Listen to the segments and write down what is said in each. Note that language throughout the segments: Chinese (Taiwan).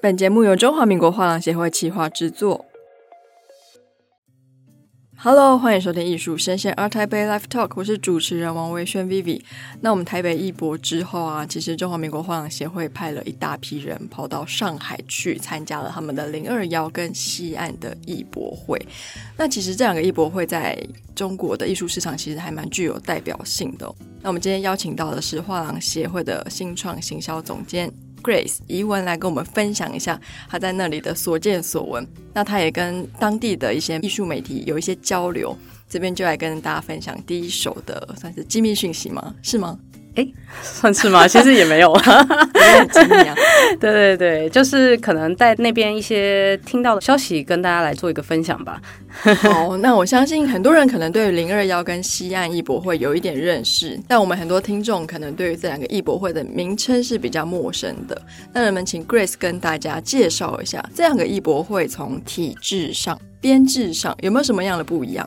本節目由中華民國畫廊協會企劃製作。Hello，歡迎收聽藝術聲鮮 ART TAIPEI Live Talk，我是主持人王維宣 Vivi。那我們台北藝博之後啊，其實中華民國畫廊協會派了一大批人跑到上海去參加了他們的零二幺跟西岸的藝博會。那其實這兩個藝博會在中國的藝術市場其實還蠻具有代表性的哦。那我們今天邀請到的是畫廊協會的新創行銷總監。Grace 怡文來跟我們分享一下他在那裡的所見所聞。那他也跟當地的一些藝術媒體有一些交流，這邊就來跟大家分享第一手的算是機密訊息嗎？是嗎？哎、欸，算是嗎？其實也沒有，沒有對對對，就是可能在那邊一些聽到的消息，跟大家來做一個分享吧。哦，那我相信很多人可能對零二幺跟西岸藝博會有一點認識，但我們很多聽眾可能對於這兩個藝博會的名稱是比較陌生的。那我們，請 Grace 跟大家介紹一下這兩個藝博會從體制上、編制上有沒有什麼樣的不一樣？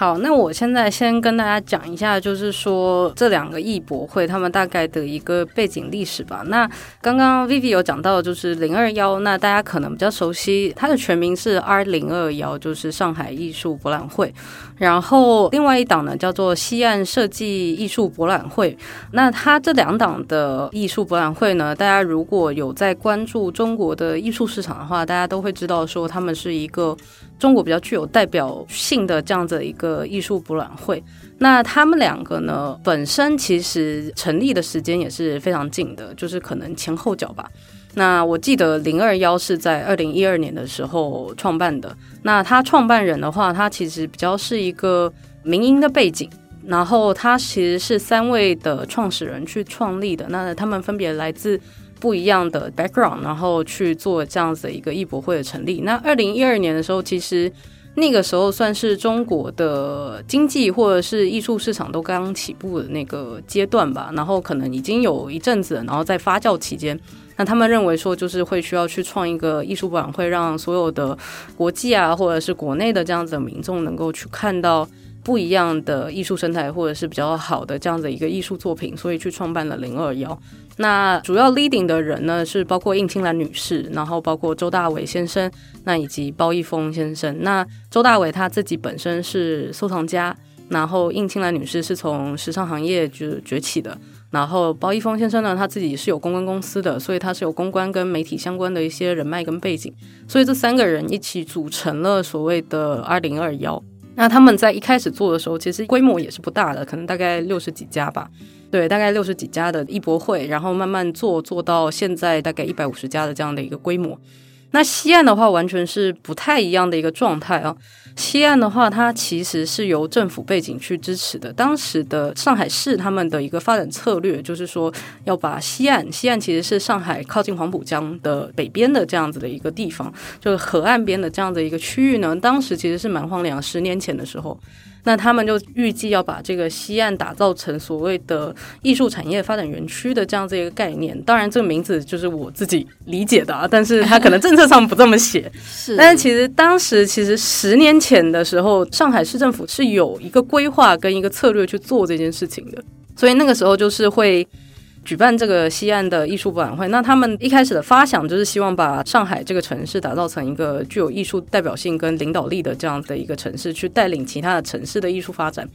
好，那我現在先跟大家講一下，就是說這兩個藝博會他們大概的一個背景歷史吧。那剛剛 Vivi 有講到，就是零二幺，那大家可能比較熟悉，它的全名是 R 零二幺，就是上海藝術博覽會。然後另外一檔呢，叫做西岸設計藝術博覽會。那它這兩檔的藝術博覽會呢，大家如果有在關注中國的藝術市場的話，大家都會知道說，他們是一個中國比較具有代表性的這樣子的一個。藝術博覽會，那他們兩個呢，本身其實成立的時間也是非常近的，就是可能前後腳吧。那我記得021是在二零一二年的時候創辦的。那他創辦人的話，他其實比較是一個民營的背景，然後他其實是三位的創始人去創立的。那他們分別來自不一樣的 background，然後去做這樣子的一個藝博會的成立。那二零一二年的時候，其實。那個時候算是中國的經濟或者是藝術市場都剛剛起步的那個階段吧，然後可能已經有一陣子了，然後在發酵期間，那他們認為說就是會需要去創一個藝術博覽會，讓所有的國際啊或者是國內的這樣子的民眾能夠去看到。不一樣的藝術生態，或者是比較好的這樣的一個藝術作品，所以去創辦了零二幺。那主要 leading 的人呢，是包括應青蘭女士，然後包括周大偉先生，那以及包奕峰先生。那周大偉他自己本身是收藏家，然後應青蘭女士是從時尚行業就崛起的，然後包奕峰先生呢，他自己是有公關公司的，所以他是有公關跟媒體相關的一些人脈跟背景，所以這三個人一起組成了所謂的二零二幺。那他們在一開始做的時候，其實規模也是不大的，可能大概六十幾家吧。對，大概六十幾家的藝博會，然後慢慢做，做到現在大概一百五十家的這樣的一個規模。那西岸的話，完全是不太一樣的一個狀態啊。西岸的話，它其實是由政府背景去支持的。當時的上海市他們的一個發展策略，就是說要把西岸，西岸其實是上海靠近黃浦江的北邊的這樣子的一個地方，就是河岸邊的這樣的一個區域呢。當時其實是蠻荒涼啊。十年前的時候，那他們就預計要把這個西岸打造成所謂的藝術產業發展園區的這樣子一個概念。當然，這個名字就是我自己理解的啊，但是它可能正。 冊上不這麼寫，是，但是其實當時其實十年前的時候，上海市政府是有一個規劃跟一個策略去做這件事情的，所以那個時候就是會舉辦這個西岸的藝術博覽會。那他們一開始的發想就是希望把上海這個城市打造成一個具有藝術代表性跟領導力的這樣的一個城市，去帶領其他的城市的藝術發展。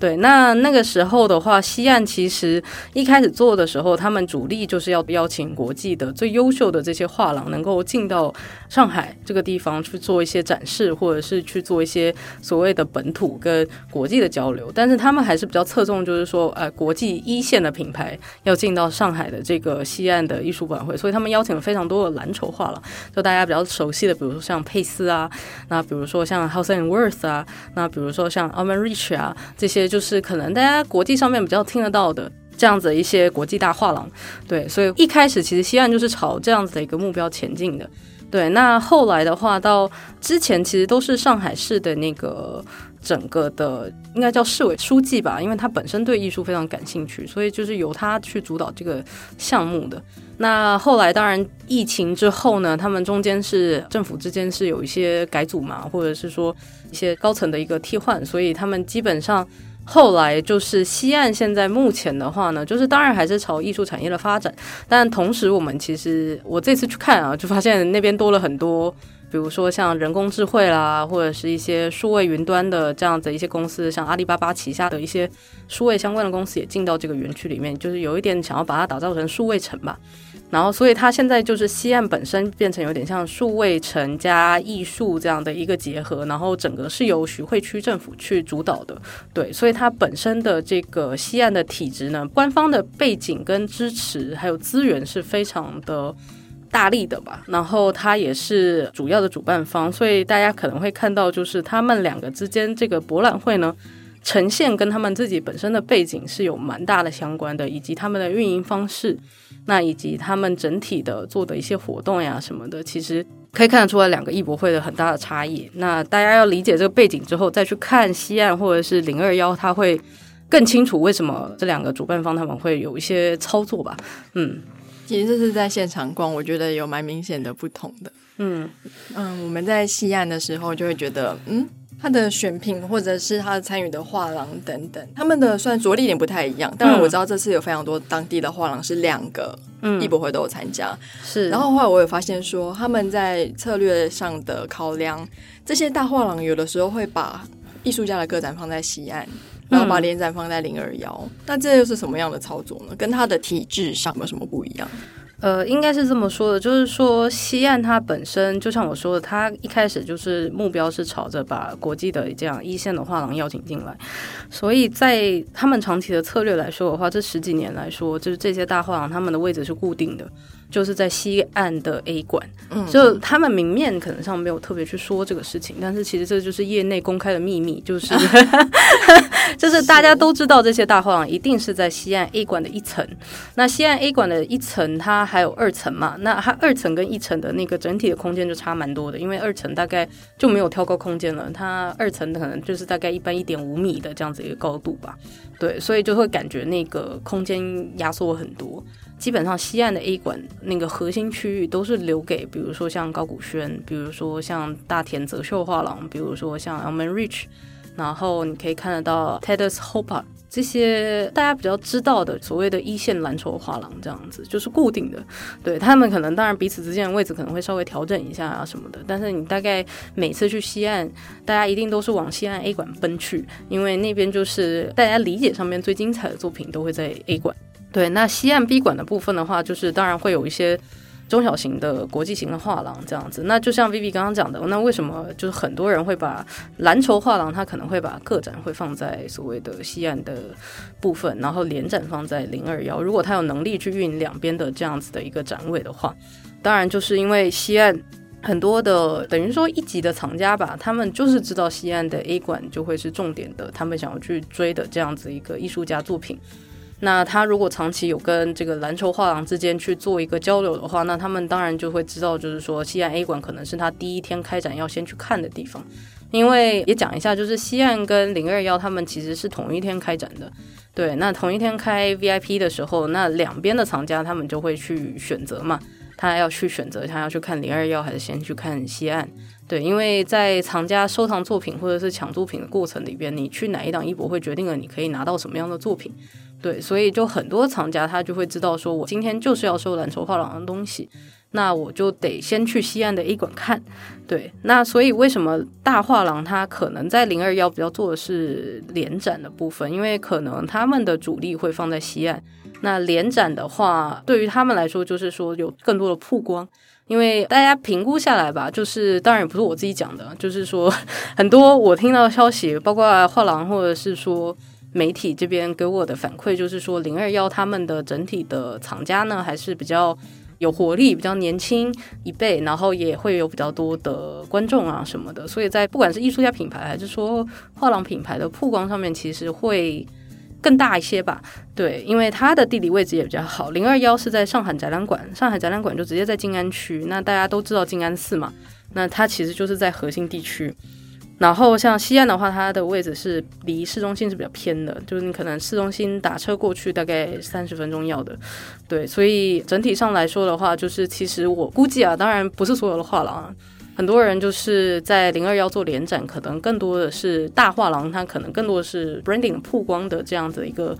對，那那個時候的話，西岸其實一開始做的時候，他們主力就是要邀請國際的最優秀的這些畫廊能夠進到上海這個地方去做一些展示，或者是去做一些所謂的本土跟國際的交流。但是他們還是比較側重，就是說，呃，國際一線的品牌要進到上海的這個西岸的藝術館會，所以他們邀請了非常多的藍籌畫廊，就大家比較熟悉的，比如說像佩斯啊，那比如說像 Hauser & Wirth 啊，那比如說像 Almine Rech 啊這些。就是可能大家國際上面比較聽得到的這樣子的一些國際大畫廊，對，所以一開始其實西岸就是朝這樣子的一個目標前進的，對。那後來的話，到之前其實都是上海市的那個整個的應該叫市委書記吧，因為他本身對藝術非常感興趣，所以就是由他去主導這個項目的。那後來當然疫情之後呢，他們中間是政府之間是有一些改組嘛，或者是說一些高層的一個替換，所以他們基本上。後來就是西岸，現在目前的話呢，就是當然還是朝藝術產業的發展，但同時我們其實我這次去看啊，就發現那邊多了很多，比如說像人工智慧啦，或者是一些數位雲端的這樣子一些公司，像阿里巴巴旗下的一些數位相關的公司也進到這個園區裡面，就是有一點想要把它打造成數位城吧。然後，所以它現在就是西岸本身變成有點像數位城加藝術這樣的一個結合，然後整個是由徐匯區政府去主導的，對，所以它本身的這個西岸的體制呢，官方的背景跟支持還有資源是非常的大力的吧。然後他也是主要的主辦方，所以大家可能會看到，就是他們兩個之間這個博覽會呢，呈現跟他們自己本身的背景是有蠻大的相關的，以及他們的運營方式。那以及他們整體的做的一些活動呀，什麼的，其實可以看得出來兩個藝博會的很大的差異。那大家要理解這個背景之後，再去看西岸或者是零二幺，他會更清楚為什麼這兩個主辦方他們會有一些操作吧？嗯，其實這是在現場逛，我覺得有蠻明顯的不同的。嗯嗯，我們在西岸的時候就會覺得嗯。他的選品，或者是他參與的畫廊等等，他們的雖然着力點不太一樣。當然我知道這次有非常多當地的畫廊是兩個，嗯，藝博會都有參加。是，然後後來我也發現說，他們在策略上的考量，這些大畫廊有的時候會把藝術家的個展放在西岸，然後把聯展放在零二幺。嗯、那這又是什麼樣的操作呢？跟他的體制上有什麼不一樣？呃，應該是這麼說的，就是說西岸它本身就像我說的，它一開始就是目標是朝着把國際的這樣一線的畫廊邀請進來，所以在他們長期的策略來說的話，這十幾年來說，就是這些大畫廊他們的位置是固定的。就是在西岸的 A 館，嗯、就他們明面可能上沒有特別去說這個事情，但是其實這就是業內公開的秘密，就是、啊、 就是大家都知道這些大畫廊一定是在西岸 A 館的一層。那西岸 A 館的一層，它還有二層嘛？那它二層跟一層的那個整體的空間就差蠻多的，因為二層大概就沒有挑高空間了，它二層的可能就是大概一般一點五米的這樣子一個高度吧。對，所以就會感覺那個空間壓縮很多。基本上西岸的 A 館那個核心區域都是留給，比如說像高古軒，比如說像大田澤秀畫廊，比如說像 Almine Rech，然後你可以看得到 Thaddaeus Ropac 這些大家比較知道的所謂的一線藍籌畫廊，這樣子就是固定的。對，他們可能當然彼此之間的位置可能會稍微調整一下啊什麼的，但是你大概每次去西岸，大家一定都是往西岸 A 館奔去，因為那邊就是大家理解上面最精彩的作品都會在 A 館。對，那西岸 B 館的部分的話，就是當然會有一些中小型的國際型的畫廊這樣子。那就像 Vivi 剛剛講的，那為什麼就是很多人會把藍籌畫廊，他可能會把個展會放在所謂的西岸的部分，然後聯展放在021。如果他有能力去運兩邊的這樣子的一個展位的話，當然就是因為西岸很多的等於說一級的藏家吧，他們就是知道西岸的 A 館就會是重點的，他們想要去追的這樣子一個藝術家作品。那他如果長期有跟這個藍籌畫廊之間去做一個交流的話，那他們當然就會知道，就是說西岸 A 館可能是他第一天開展要先去看的地方，因為也講一下，就是西岸跟零二幺他們其實是同一天開展的。對，那同一天開 VIP 的時候，那兩邊的藏家，他們就會去選擇嘛，他要去選擇他要去看零二幺還是先去看西岸？對，因為在藏家收藏作品或者是搶作品的過程裡邊，你去哪一檔藝博會決定了你可以拿到什麼樣的作品。對，所以就很多藏家他就會知道，說我今天就是要收藍籌畫廊的東西，那我就得先去西岸的 A 館看。對，那所以為什麼大畫廊它可能在021比較做的是聯展的部分，因為可能他們的主力會放在西岸。那聯展的話，對於他們來說就是說有更多的曝光，因為大家評估下來吧，就是當然也不是我自己講的，就是說很多我聽到的消息，包括畫廊或者是說。媒體這邊給我的反饋就是說，零二幺他們的整體的廠家呢還是比較有活力，比較年輕一輩，然後也會有比較多的觀眾啊什麼的，所以在不管是藝術家品牌還是說畫廊品牌的曝光上面，其實會更大一些吧。對，因為它的地理位置也比較好，零二幺是在上海展覽館，上海展覽館就直接在靜安區，那大家都知道靜安寺嘛，那它其實就是在核心地區。然後像西岸的話，它的位置是離市中心是比較偏的，就是你可能市中心打車過去大概三十分鐘要的，對，所以整體上來說的話，就是其實我估計啊，當然不是所有的畫廊，很多人就是在零二幺做聯展，可能更多的是大畫廊，它可能更多的是 branding 曝光的這樣子一個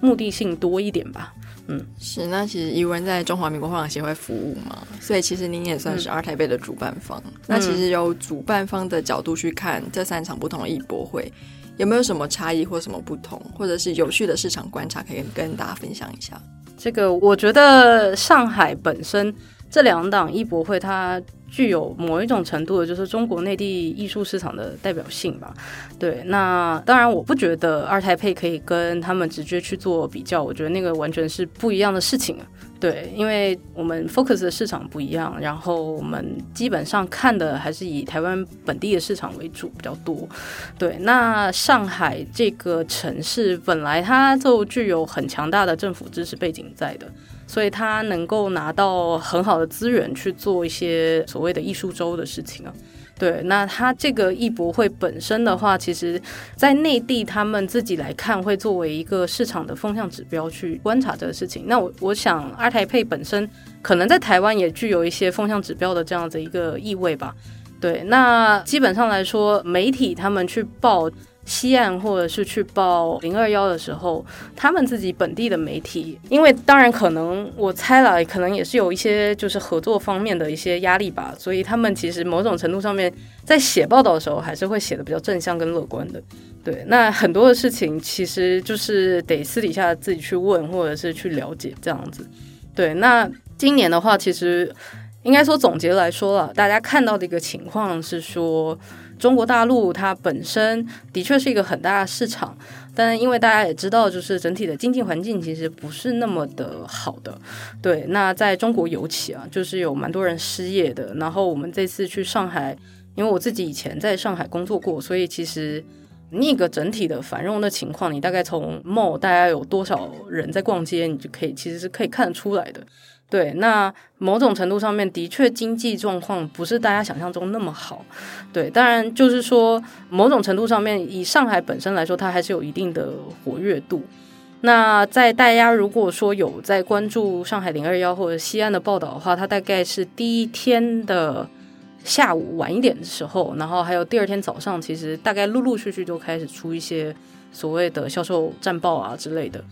目的性多一點吧。嗯，是那其實怡文在中華民國畫廊協會服務嘛，所以其實您也算是 ART TAIPEI 的主辦方。嗯、那其實由主辦方的角度去看這三場不同的藝博會，有沒有什麼差異或什麼不同，或者是有趣的市場觀察，可以跟大家分享一下？這個我覺得上海本身這兩檔藝博會它具有某一種程度的，就是中國內地藝術市場的代表性吧。對，那當然我不覺得 ART TAIPEI 可以跟他們直接去做比較，我覺得那個完全是不一樣的事情。對，因為我們 focus 的市場不一樣，然後我們基本上看的還是以台灣本地的市場為主比較多。對，那上海這個城市本來它就具有很強大的政府支持背景在的。所以他能夠拿到很好的資源去做一些所謂的藝術周的事情啊，對。那他這個藝博會本身的話，其實，在內地他們自己來看，會作為一個市場的風向指標去觀察這個事情。那我我想，ART TAIPEI 本身可能在台灣也具有一些風向指標的這樣子一個意味吧。對，那基本上來說，媒體他們去報。西岸，或者是去報021的時候，他們自己本地的媒體，因為當然可能我猜啦，可能也是有一些就是合作方面的一些壓力吧，所以他們其實某種程度上面在寫報道的時候，還是會寫的比較正向跟樂觀的。對，那很多的事情，其實就是得私底下自己去問，或者是去了解這樣子。對，那今年的話，其實應該說總結來說了，大家看到的一個情況是說。中國大陸它本身的確是一個很大的市場，但因為大家也知道，就是整體的經濟環境其實不是那麼的好的。對，那在中國尤其啊，就是有蠻多人失業的。然後我們這次去上海，因為我自己以前在上海工作過，所以其實那個整體的繁榮的情況，你大概從 mall 大家有多少人在逛街，你就可以其實是可以看得出來的。對，那某種程度上面的確經濟狀況不是大家想象中那麼好，對，當然就是說某種程度上面，以上海本身來說，它還是有一定的活躍度。那在大家如果說有在關注上海021或者西岸的報道的話，它大概是第一天的下午晚一點的時候，然後還有第二天早上，其實大概陸陸續續就開始出一些所謂的銷售戰報啊之類的。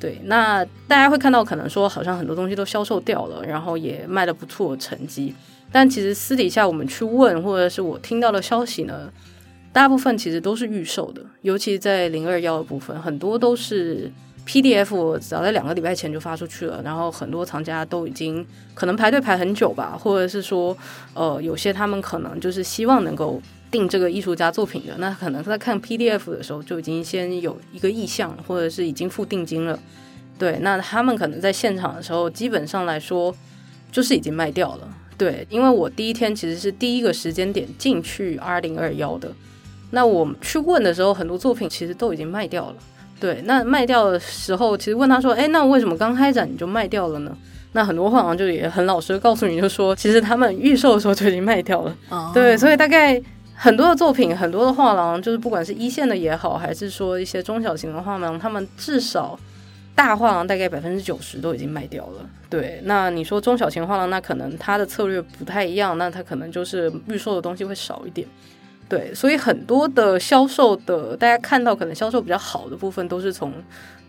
對，那大家會看到，可能說好像很多東西都銷售掉了，然後也賣得不錯的成績。但其實私底下我們去問，或者是我聽到的消息呢，大部分其實都是預售的，尤其在021的部分，很多都是 PDF，早在兩個禮拜前就發出去了，然後很多藏家都已經可能排隊排很久吧，或者是說，呃，有些他們可能就是希望能夠。定這個藝術家作品的，那可能他在看 PDF 的時候就已經先有一個意向，或者是已經付定金了。對，那他們可能在現場的時候，基本上來說就是已經賣掉了。對，因為我第一天其實是第一個時間點進去二零二幺的，那我去問的時候，很多作品其實都已經賣掉了。對，那賣掉的時候，其實問他說：“哎，那為什麼剛開展你就賣掉了呢？”那很多畫廊好像就也很老實告訴你，就說其實他們預售的時候就已經賣掉了啊。對，所以大概。很多的作品，很多的畫廊，就是不管是一線的也好，還是說一些中小型的畫廊，他們至少大畫廊大概百分之九十都已經賣掉了。對，那你說中小型畫廊，那可能它的策略不太一樣，那它可能就是預售的東西會少一點。對，所以很多的銷售的，大家看到可能銷售比較好的部分都是從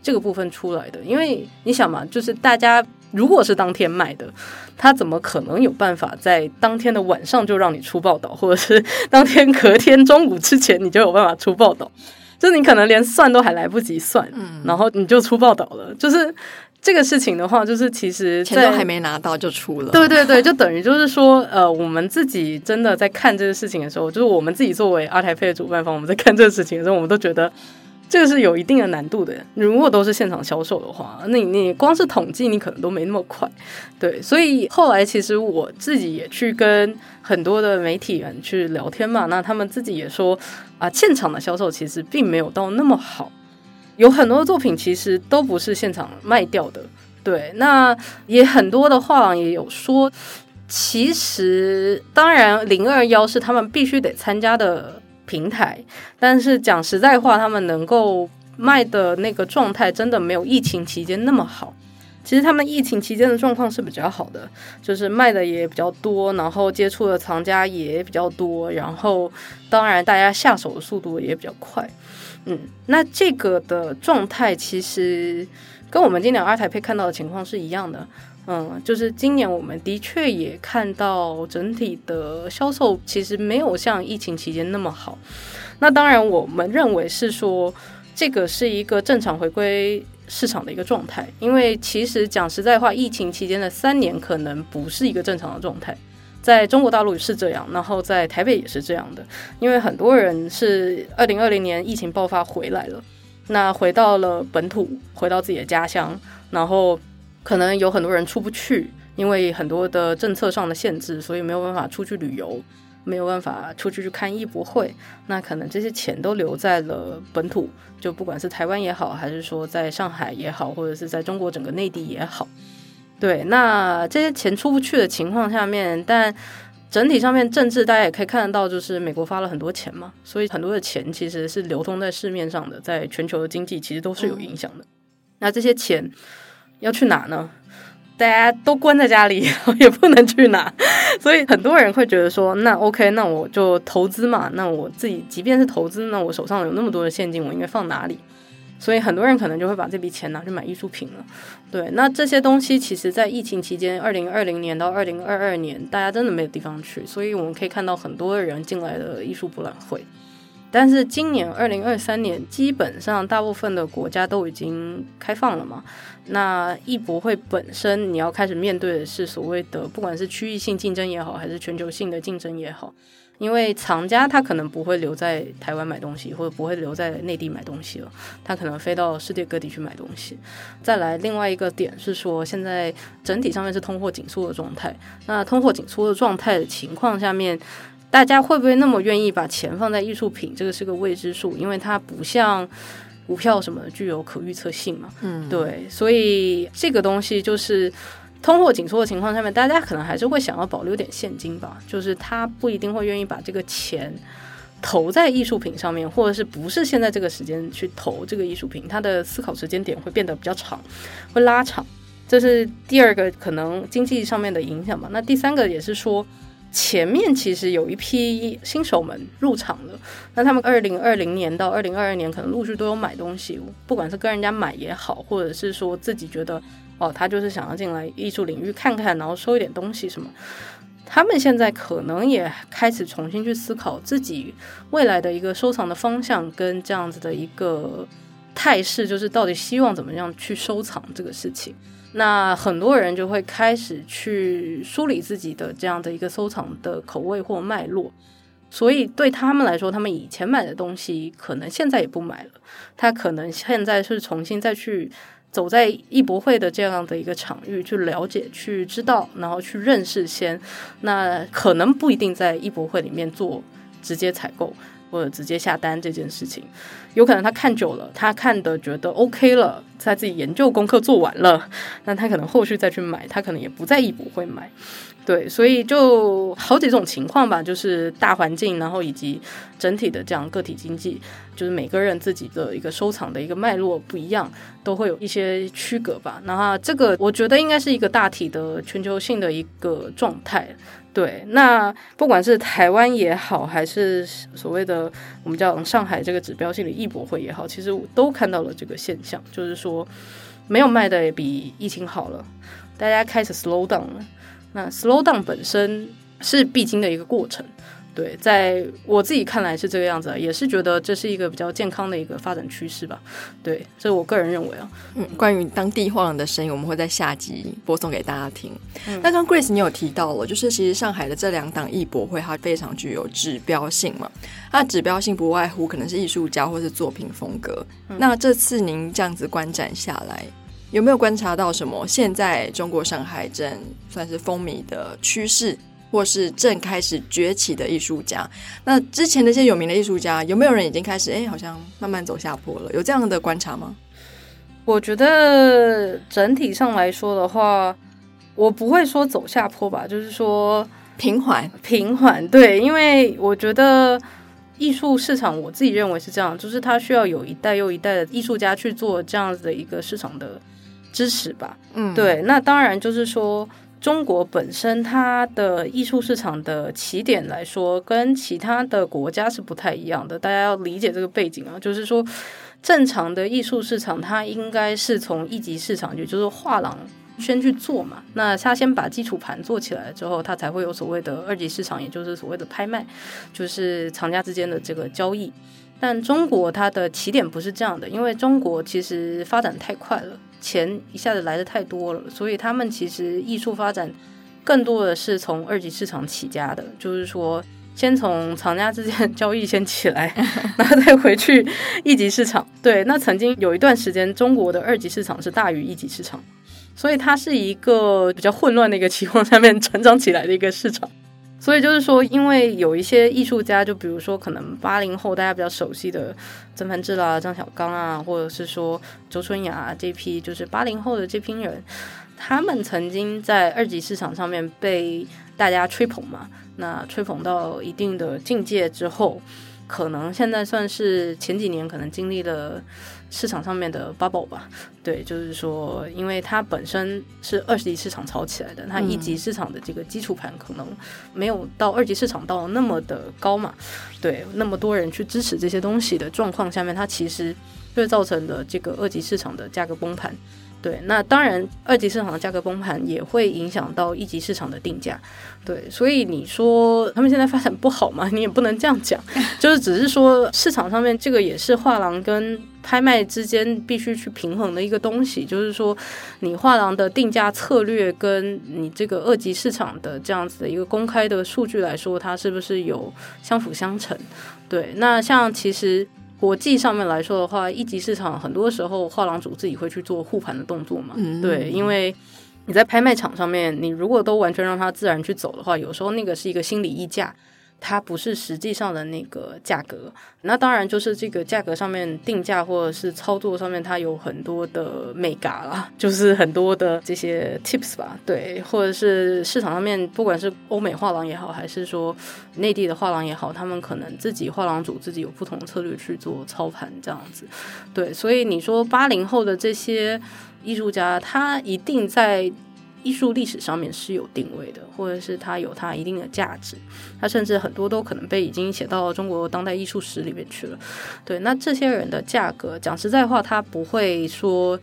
這個部分出來的，因為你想嘛，就是大家如果是當天賣的，他怎麼可能有辦法在當天的晚上就讓你出報道，或者是當天隔天中午之前你就有辦法出報道？就你可能連算都還來不及算，嗯，然後你就出報道了。就是這個事情的話，就是其實錢都還沒拿到就出了，對對對，就等於就是說，呃，我們自己真的在看這個事情的時候，就是我們自己作為 ART TAIPEI 的主辦方，我們在看這個事情的時候，我們都覺得。這個是有一定的難度的。如果都是現場銷售的話，那你你光是統計，你可能都沒那麼快。對，所以後來其實我自己也去跟很多的媒體人去聊天嘛，那他們自己也說啊，現場的銷售其實並沒有到那麼好，有很多作品其實都不是現場賣掉的。對，那也很多的畫廊也有說，其實當然021是他們必須得參加的。平台，但是講實在話，他們能夠賣的那個狀態真的沒有疫情期間那麼好。其實他們疫情期間的狀況是比較好的，就是賣的也比較多，然後接觸的藏家也比較多，然後當然大家下手的速度也比較快。嗯，那這個的狀態其實跟我們今年 ART TAIPEI 看到的情況是一樣的。嗯，就是今年我們的確也看到整體的銷售其實沒有像疫情期間那麼好。那當然，我們認為是說這個是一個正常回歸市場的一個狀態。因為其實講實在話，疫情期間的三年可能不是一個正常的狀態，在中國大陸也是這樣，然後在台北也是這樣的。因為很多人是二零二零年疫情爆發回來了，那回到了本土，回到自己的家鄉，然後。可能有很多人出不去，因為很多的政策上的限制，所以沒有辦法出去旅遊，沒有辦法出去去看藝博會。那可能這些錢都留在了本土，就不管是台灣也好，還是說在上海也好，或者是在中國整個內地也好。對，那這些錢出不去的情況下面，但整體上面政治，大家也可以看得到，就是美國發了很多錢嘛，所以很多的錢其實是流通在市面上的，在全球的經濟其實都是有影響的。嗯。那這些錢。要去哪呢？大家都關在家裡，也不能去哪，所以很多人會覺得說，那 OK，那我就投資嘛。那我自己即便是投資，那我手上有那麼多的現金，我應該放哪裡？所以很多人可能就會把這筆錢拿去買藝術品了。對，那這些東西其實在疫情期間，二零二零年到二零二二年，大家真的沒有地方去，所以我們可以看到很多人進來的藝術博覽會。但是今年二零二三年，基本上大部分的國家都已經開放了嘛。那藝博會本身，你要開始面對的是所謂的，不管是區域性競爭也好，還是全球性的競爭也好。因為藏家他可能不會留在台灣買東西，或者不會留在內地買東西了，他可能飛到世界各地去買東西。再來，另外一個點是說，現在整體上面是通貨緊縮的狀態。那通貨緊縮的狀態的情況下面。大家會不會那麼願意把錢放在藝術品？這個是個未知數，因為它不像股票什麼的具有可預測性嘛。嗯，對，所以這個東西就是通貨緊縮的情況下面，大家可能還是會想要保留點現金吧。就是他不一定會願意把這個錢投在藝術品上面，或者是不是現在這個時間去投這個藝術品，他的思考時間點會變得比較長，會拉長。這是第二個可能經濟上面的影響吧。那第三個也是說。前面其實有一批新手們入場了，那他們二零二零年到二零二二年可能陸續都有買東西，不管是跟人家買也好，或者是說自己覺得哦，他就是想要進來藝術領域看看，然後收一點東西什麼，他們現在可能也開始重新去思考自己未來的一個收藏的方向跟這樣子的一個態勢，就是到底希望怎麼樣去收藏這個事情。那很多人就會開始去梳理自己的這樣的一個收藏的口味或脈絡，所以對他們來說，他們以前買的東西可能現在也不買了。他可能現在是重新再去走在藝博會的這樣的一個場域去了解、去知道，然後去認識先。那可能不一定在藝博會裡面做直接採購或者直接下單這件事情。有可能他看久了，他看的覺得 OK 了，在自己研究功課做完了，那他可能後續再去買，他可能也不在意不會買，對，所以就好幾種情況吧，就是大環境，然後以及整體的這樣個體經濟，就是每個人自己的一個收藏的一個脈絡不一樣，都會有一些區隔吧。那這個我覺得應該是一個大體的全球性的一個狀態，對。那不管是台灣也好，還是所謂的我們叫上海這個指標性的。藝博會也好，其實我都看到了這個現象，就是說，沒有賣的也比疫情好了，大家開始 slow down 了。那 slow down 本身是必經的一個過程。對，在我自己看來是這個樣子，也是覺得這是一個比較健康的一個發展趨勢吧。對，這是我個人認為啊。嗯，關於當地畫廊的聲音，我們會在下集播送給大家聽。嗯、那剛 Grace，你有提到了，就是其實上海的這兩檔藝博會，它非常具有指標性嘛。它指標性不，不外乎可能是藝術家或是作品風格。嗯、那這次您這樣子觀展下來，有沒有觀察到什麼現在中國上海正算是風靡的趨勢。或是正開始崛起的藝術家，那之前那些有名的藝術家，有沒有人已經開始？哎，好像慢慢走下坡了，有這樣的觀察嗎？我覺得整體上來說的話，我不會說走下坡吧，就是說平緩，平緩。對，因為我覺得藝術市場，我自己認為是這樣，就是它需要有一代又一代的藝術家去做這樣子的一個市場的支持吧。嗯，對，那當然就是說。中國本身它的藝術市場的起點來說，跟其他的國家是不太一樣的，大家要理解這個背景啊。就是說，正常的藝術市場它應該是從一級市場，也就是畫廊先去做嘛。那它先把基礎盤做起來之後，它才會有所謂的二級市場，也就是所謂的拍賣，就是藏家之間的這個交易。但中國它的起點不是這樣的，因為中國其實發展太快了。錢一下子來的太多了，所以他們其實藝術發展更多的是從二級市場起家的，就是說先從藏家之間交易先起來，然後再回去一級市場。對，那曾經有一段時間，中國的二級市場是大於一級市場，所以它是一個比較混亂的一個情況下面成長起來的一個市場。所以就是說，因為有一些藝術家，就比如說可能八零後大家比較熟悉的曾梵志啦、張曉剛啊，或者是說周春芽這批，就是八零後的這批人，他們曾經在二級市場上面被大家吹捧嘛，那吹捧到一定的境界之後，可能現在算是前幾年可能經歷了。市場上面的 bubble 吧，對，就是說，因為它本身是二級市場炒起來的，它一級市場的這個基礎盤可能沒有到二級市場到那麼的高嘛，對，那麼多人去支持這些東西的狀況下面，它其實就會造成的這個二級市場的價格崩盤，對，那當然二級市場的價格崩盤也會影響到一級市場的定價，對，所以你說他們現在發展不好嘛？你也不能這樣講，就是只是說市場上面這個也是畫廊跟。拍賣之間必須去平衡的一個東西，就是說，你畫廊的定價策略跟你這個二級市場的這樣子的一個公開的數據來說，它是不是有相輔相成？對，那像其實國際上面來說的話，一級市場很多時候畫廊主自己會去做護盤的動作嘛，嗯、對，因為你在拍賣場上面，你如果都完全讓它自然去走的話，有時候那個是一個心理溢價。它不是實際上的那個價格，那當然就是這個價格上面定價或者是操作上面，它有很多的美嘎啦，就是很多的這些 tips 吧，對，或者是市場上面，不管是歐美畫廊也好，還是說內地的畫廊也好，他們可能自己畫廊主自己有不同的策略去做操盤這樣子，對，所以你說八零後的這些藝術家，他一定在。藝術歷史上面是有定位的，或者是它有它一定的價值，它甚至很多都可能被已經寫到中國當代藝術史裡面去了。對，那這些人的價格，講實在話，它不會說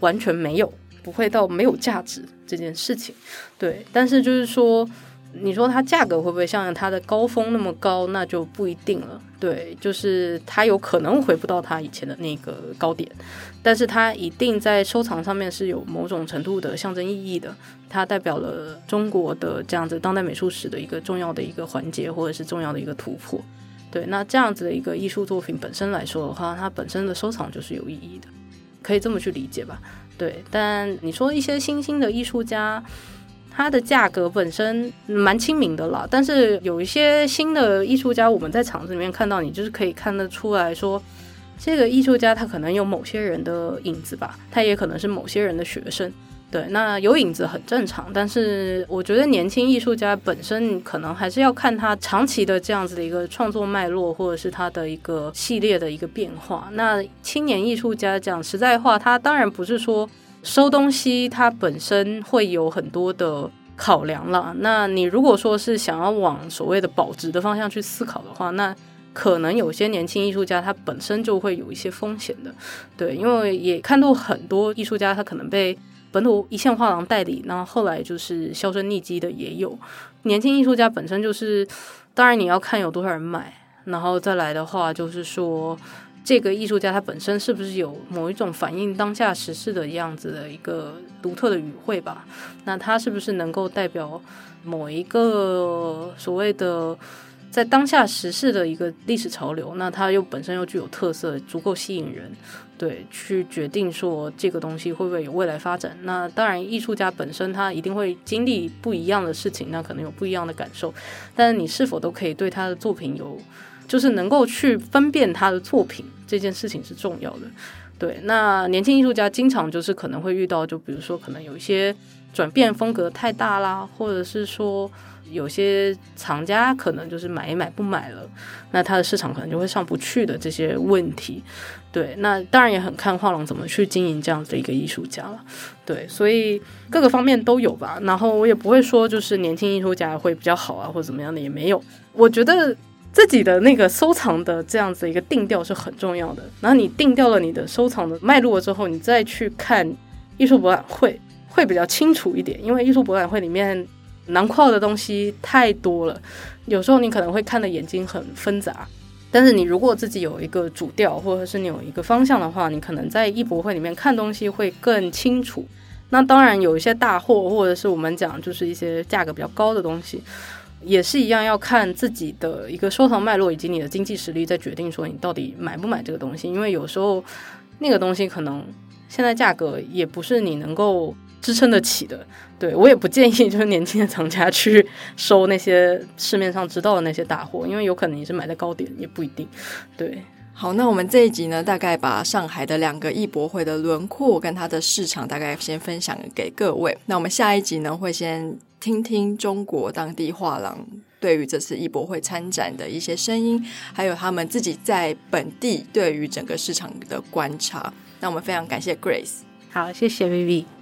完全沒有，不會到沒有價值這件事情。對，但是就是說。你說它價格會不會像它的高峰那麼高？那就不一定了。對，就是它有可能回不到它以前的那個高點，但是它一定在收藏上面是有某種程度的象徵意義的。它代表了中國的這樣子當代美術史的一個重要的一個環節，或者是重要的一個突破。對，那這樣子的一個藝術作品本身來說的話，它本身的收藏就是有意義的，可以這麼去理解吧？對。但你說一些新興的藝術家。它的價格本身蠻親民的啦，但是有一些新的藝術家，我們在場子裡面看到，你就是可以看得出來說，這個藝術家他可能有某些人的影子吧，他也可能是某些人的學生。對，那有影子很正常，但是我覺得年輕藝術家本身可能還是要看他長期的這樣子的一個創作脈絡，或者是他的一個系列的一個變化。那青年藝術家講實在話，他當然不是說。收東西，它本身會有很多的考量了。那你如果說是想要往所謂的保值的方向去思考的話，那可能有些年輕藝術家他本身就會有一些風險的，對，因為也看到很多藝術家他可能被本土一線畫廊代理，然後後來就是銷聲匿跡的也有。年輕藝術家本身就是，當然你要看有多少人買，然後再來的話就是說。這個藝術家他本身是不是有某一種反映當下時事的樣子的一個獨特的語彙吧？那他是不是能夠代表某一個所謂的在當下時事的一個歷史潮流？那他又本身又具有特色，足夠吸引人，對，去決定說這個東西會不會有未來發展？那當然，藝術家本身他一定會經歷不一樣的事情，那可能有不一樣的感受。但是你是否都可以對他的作品有？就是能夠去分辨他的作品這件事情是重要的，對。那年輕藝術家經常就是可能會遇到，就比如說可能有一些轉變風格太大啦，或者是說有些藏家可能就是買一買不買了，那他的市場可能就會上不去的這些問題。對，那當然也很看畫廊怎麼去經營這樣子的一個藝術家了。對，所以各個方面都有吧。然後我也不會說就是年輕藝術家會比較好啊，或者怎麼樣的也沒有。我覺得。自己的那個收藏的這樣子一個定調是很重要的。然後你定調了你的收藏的脈絡之後，你再去看藝術博覽會會比較清楚一點。因為藝術博覽會裡面囊括的東西太多了，有時候你可能會看的眼睛很紛雜。但是你如果自己有一個主調，或者是你有一個方向的話，你可能在藝博會裡面看東西會更清楚。那當然有一些大貨，或者是我們講就是一些價格比較高的東西。也是一樣，要看自己的一個收藏脈絡以及你的經濟實力，再決定說你到底買不買這個東西。因為有時候那個東西可能現在價格也不是你能夠支撐得起的。對，我也不建議，就是年輕的藏家去收那些市面上知道的那些大貨，因為有可能你是買的高點也不一定。對，好，那我們這一集呢，大概把上海的兩個藝博會的輪廓跟它的市場大概先分享給各位。那我們下一集呢，會先。聽聽中國當地畫廊對於這次藝博會參展的一些聲音，還有他們自己在本地對於整個市場的觀察。那我們非常感謝 Grace，好，謝謝 Vivi。